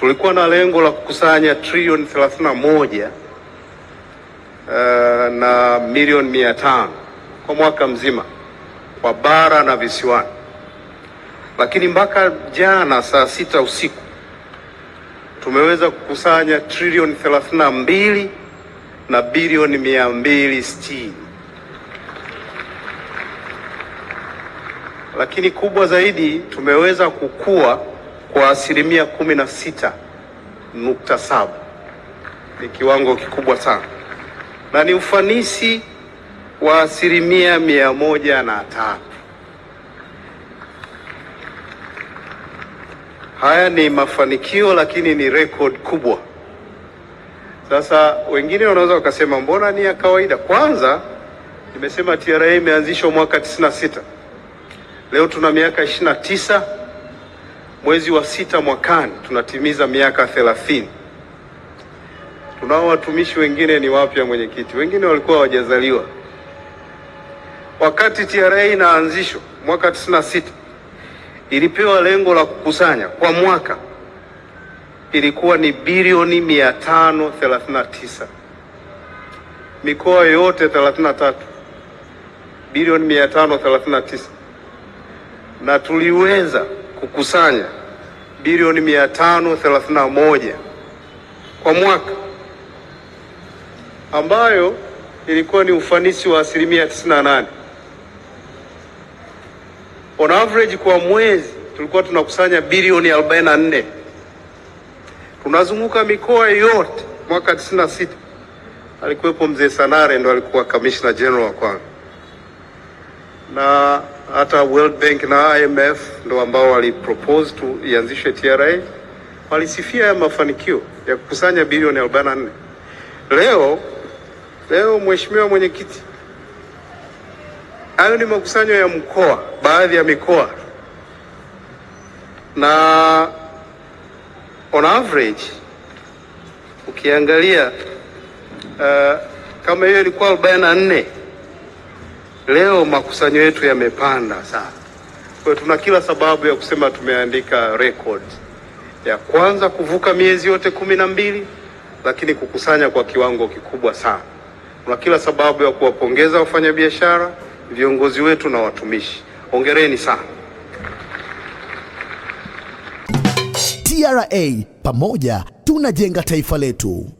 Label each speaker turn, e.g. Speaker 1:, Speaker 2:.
Speaker 1: Tulikuwa na lengo la kukusanya trilioni 31 uh, eh, na milioni 500 kwa mwaka mzima kwa bara na visiwani, lakini mpaka jana saa sita usiku tumeweza kukusanya trilioni 32 na bilioni 260. Lakini kubwa zaidi tumeweza kukua kwa asilimia kumi na sita nukta saba. Ni kiwango kikubwa sana na ni ufanisi wa asilimia mia moja na tano. Haya ni mafanikio lakini ni rekodi kubwa. Sasa wengine wanaweza wakasema mbona ni ya kawaida? Kwanza nimesema TRA imeanzishwa mwaka 96. Leo tuna miaka tisa mwezi wa sita mwakani tunatimiza miaka thelathini. Tunao watumishi wengine ni wapya mwenyekiti, wengine walikuwa hawajazaliwa. Wakati TRA inaanzishwa mwaka 96 ilipewa lengo la kukusanya kwa mwaka ilikuwa ni bilioni 539, mikoa yote 33, bilioni tisa na tuliweza kukusanya bilioni 531 kwa mwaka ambayo ilikuwa ni ufanisi wa asilimia 98. On average kwa mwezi tulikuwa tunakusanya bilioni 44. Tunazunguka mikoa yote. Mwaka 96 alikuwepo mzee Sanare, ndo alikuwa commissioner general wa kwanza, na hata World Bank na IMF ndo ambao walipropose tu ianzishe TRA, walisifia ya mafanikio ya kukusanya bilioni 44. Leo leo, mheshimiwa mwenyekiti, hayo ni makusanyo ya mkoa, baadhi ya mikoa, na on average ukiangalia uh, kama hiyo ilikuwa 44 Leo makusanyo yetu yamepanda sana, kwa tuna kila sababu ya kusema tumeandika record ya kwanza kuvuka miezi yote kumi na mbili, lakini kukusanya kwa kiwango kikubwa sana. Tuna kila sababu ya kuwapongeza wafanyabiashara, viongozi wetu na watumishi. Hongereni sana. TRA, pamoja tunajenga taifa letu.